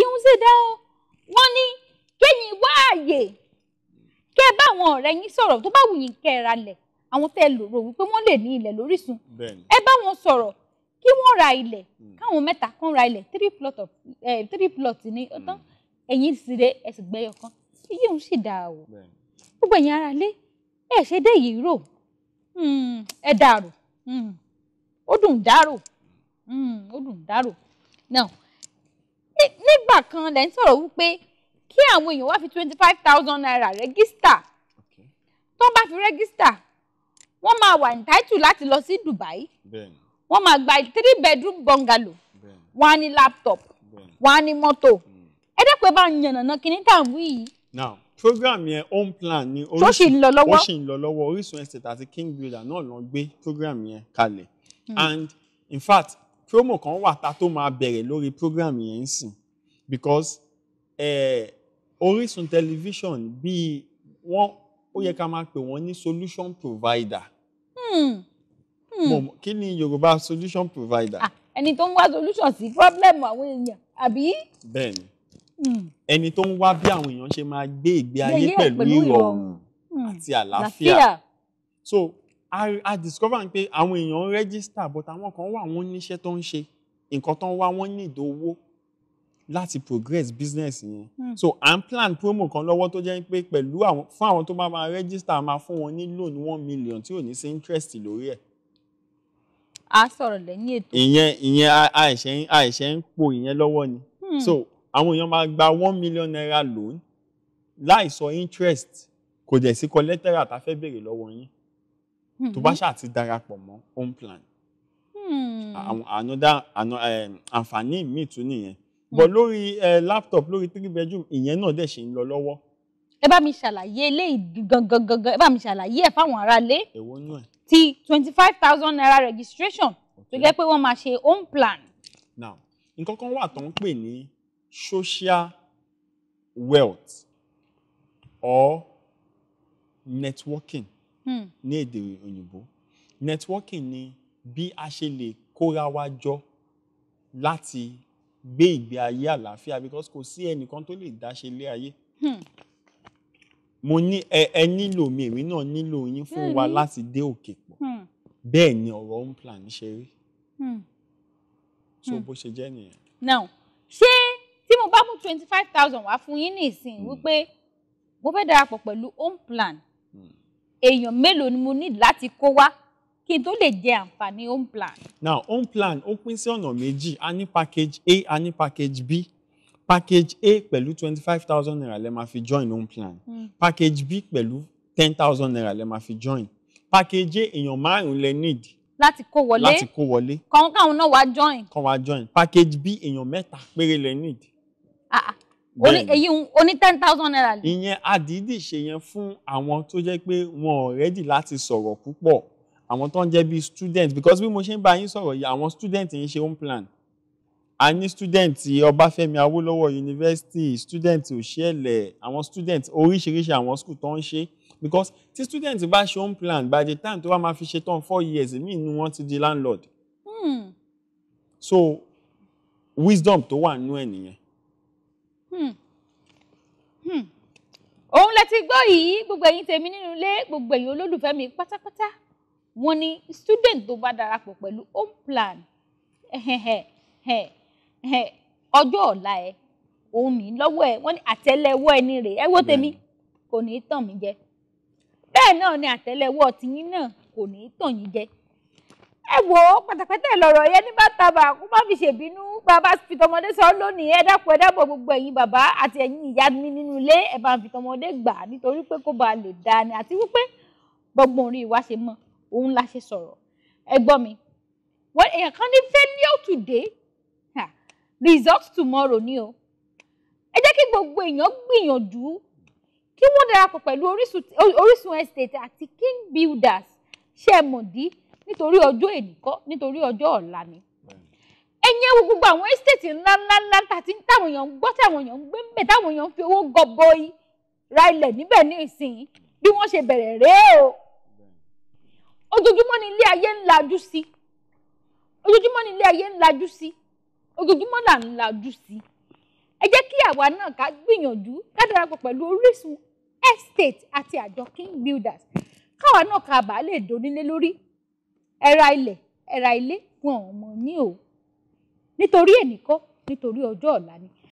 ìhun sì dá o wọ́n ní kéyìn wá àyè kẹ́ ẹ bá àwọn ọ̀rẹ́ yín sọ̀rọ̀ tó bá wù yín kẹ́ ẹ ra lẹ̀ àwọn tẹ́ ẹ rò wípé wọ́n lè ní ilẹ̀ lórísun ẹ bá wọn sọ̀rọ̀ kí wọ́n ra ilẹ̀ hmm. káwọn mẹ́ta kan ra ilẹ̀ three plot of eh, three plot ní hmm. ọ̀tán ẹ̀yìn sì dé ẹ̀sìn gbẹ́yọ̀ kan iye òun sì dáa o gbogbo ẹ̀yin ara lé ẹ̀ ṣe dé yìí rò hmm, ẹ dàrò ó dùn dàrò ó dùn dàrò now nígbà kan lẹ́ sọ̀rọ̀ wípé kí àwọn èèyàn wá fi twenty five thousand naira rẹ́gísítà tó bá fi rẹ́gísítà wọ́n máa wà entitled láti lọ sí Dubai wọ́n máa gba three bedroom bungalow wọ́n á ní laptop wọ́n á ní mọ́tò hmm. ẹ dẹ́pẹ́ bá ń yànnàná kíní tá à ń wí yìí. now program yẹn home plan ni orísun tó ṣì ń lọ lọ́wọ́ Orísun estate àti king builder náà ló gbé program yẹn kalẹ̀ hmm. and in fact promo kan wà ta tó máa bẹ̀rẹ̀ lórí program yẹn ń sìn because eh, Orísun television bíi wọ́n ó yẹ ká máa pè wọ́n ní solution provider. Hmm. Hmm. Mọ̀ kí ni Yorùbá solution provider? Ah, ẹni tó ń wá solution sí problem àwọn èèyàn àbí? Bẹ́ẹ̀ni, hmm. ẹni tó ń wá bí àwọn èèyàn ṣe máa gbé ìgbé ayé pẹ̀lú ìrọ̀rùn hmm. àti àlàáfíà. So a, a discover pé àwọn èèyàn ń register but àwọn kan wà wọ́n níṣẹ́ tó ń ṣe nǹkan tó ń wá wọ́n ní ìdówó láti progress business yẹn hmm. so à plan promo kan lọ́wọ́ tó jẹ́ pé pẹ̀lú àwọn fún àwọn tó bá máa register máa fún wọn ní loan one million tí ò ní sí interest lórí ẹ̀. a sọ̀rọ̀ lẹ́yìn ètò. ìyẹn ìyẹn àìṣe àìṣe ń po ìyẹn lọ́wọ́ ni hmm. so àwọn èèyàn máa gba one million naira loan láì sọ interest kò dẹ̀ sí collateral tá a fẹ́ béèrè lọ́wọ́ yín hmm. tó bá ṣáà ti darapọ̀ mọ́ home plan. Hmm. another eh, àǹfààní míì tún nìyẹn but mm. lórí eh, laptop lórí three bedroom ìyẹn náà dẹ̀ ṣì ń lọ lọ́wọ́ ẹ bá mi ṣàlàyé eléyìí gangan gangan ẹ bá mi ṣàlàyé ẹ fáwọn aráalé ti twenty five thousand naira registration tó jẹ́ pé wọ́n máa ṣe home plan. now nǹkan kan wà tó ń pè ní social wealth or networking hmm. ní èdè òyìnbó networking ni bí a ṣe lè kóra wa jọ láti gbé ìgbé ayé àlàáfíà because kò sí ẹnìkan tó lè dáṣe ilé ayé hmm. mo ní ẹ ẹ nílò mi èmi náà nílò yín fún wa láti dé òkè pọ̀ hmm. bẹ́ẹ̀ ni ọ̀rọ̀ home plan ṣe rí hmm. so bó ṣe jẹ́ nìyẹn. now ṣé tí mo bá mú twenty five thousand wá fún yín nísìnyí wípé mo fẹ́ darapọ̀ pẹ̀lú home plan èèyàn mélòó ni mo ní láti kó wá kí n tó lè jẹ àǹfààní home plan. now home plan ó pín sí ọ̀nà méjì a ní package a a ní package b package a pẹ̀lú twenty five thousand naira lẹ́ máa fi join home plan mm. package b pẹ̀lú ten thousand naira lẹ́ máa fi join package a èèyàn márùn-ún lẹ need. láti kó wọlé láti kó wọlé. kàn káwọn náà wá join. kàn wá join package b èèyàn mẹ́ta péré lẹ need. ah ah oní èyí oní ten thousand naira. ìyẹn àdídì ṣe yẹn fún àwọn tó jẹ́ pé wọn ò rẹ́dì láti sọ̀rọ̀ púpọ̀ àwọn tó ń jẹ́ bí student because bí mo ṣe ń bá yín sọ̀rọ̀ àwọn student yìí ṣe home plan a ní student Ọbáfẹ́mi Awólọ́wọ̀ University student Òṣìẹ̀lẹ̀ àwọn student oríṣiríṣi àwọn school tó ń ṣe because tí student bá ṣe home plan by the time tó wá máa fi ṣe tán four years míì ni wọ́n ti di landlord hmm. so wisdom tó wà nínú ẹ̀ nìyẹn. Hmm. Hmm. òun lẹ ti gbọ́ yìí gbogbo ẹ̀yin tèmi nínú ilé gbogbo ẹ̀yin olólùfẹ́ mi pátápátá wọ́n ní student tó bá darapọ̀ pẹ̀lú home plan ọjọ́ ọ̀la ẹ òun ní lọ́wọ́ ẹ wọ́n ní àtẹ́lẹwọ́ ẹni rè ẹ wo tèmi kò ní í tàn mí jẹ bẹ́ẹ̀ náà ni àtẹ́lẹwọ́ tiyín náà kò ní í tàn yín jẹ ẹ wò ó pàtàkìtà lọ̀rọ̀ yẹn ní bàtàbà kó má fi ṣèbínú bàbá fi tọmọdé sọ lónìí ẹ dákun ẹ dábọ̀ gbogbo ẹ̀yin bàbá àti ẹ̀yin ìyá mi nínú ilé ẹ bá ń gbà nítorí pé kó ba lè dáa ni àti wípé gbọgbọn orí ṣe mọ́ òun la ṣe sọ̀rọ̀ ẹ gbọ́ mi wọ́n èèyàn kan ní failure today ha, result tomorrow ni o ẹ jẹ́ kí gbogbo èèyàn gbìyànjú kí wọ́n darapọ̀ pẹ̀lú Orísun estate àti king builders ṣe é mọ̀dí nítorí ọjọ́ ènìkọ́ nítorí ọjọ́ ọ̀la ni ẹ̀yẹ́ wo gbogbo àwọn estate ńláńláńlá tàti táwọn èèyàn ń gbọ́ táwọn èèyàn ń gbé ń bẹ̀ táwọn èèyàn ń fi owó gọbọi ra ilẹ̀ níbẹ̀ ní ìsìn bí wọ́n ṣe bẹ̀rẹ̀ rèé o ojoojúmọ́ ni ilé ayé ń lajú sí ojoojúmọ́ ni ilé ayé ń lajú sí ojoojúmọ́ là ń lajú sí ẹ jẹ́ kí àwa náà ká gbìyànjú ká darapọ̀ pẹ̀lú Orísun estate àti àjọ king builders káwa náà ká bàa lè donílé lórí ẹ ra ilẹ̀ ẹ ra ilé fún àwọn ọmọ ní o nítorí ẹnìkọ́ nítorí ọjọ́ ọ̀la ni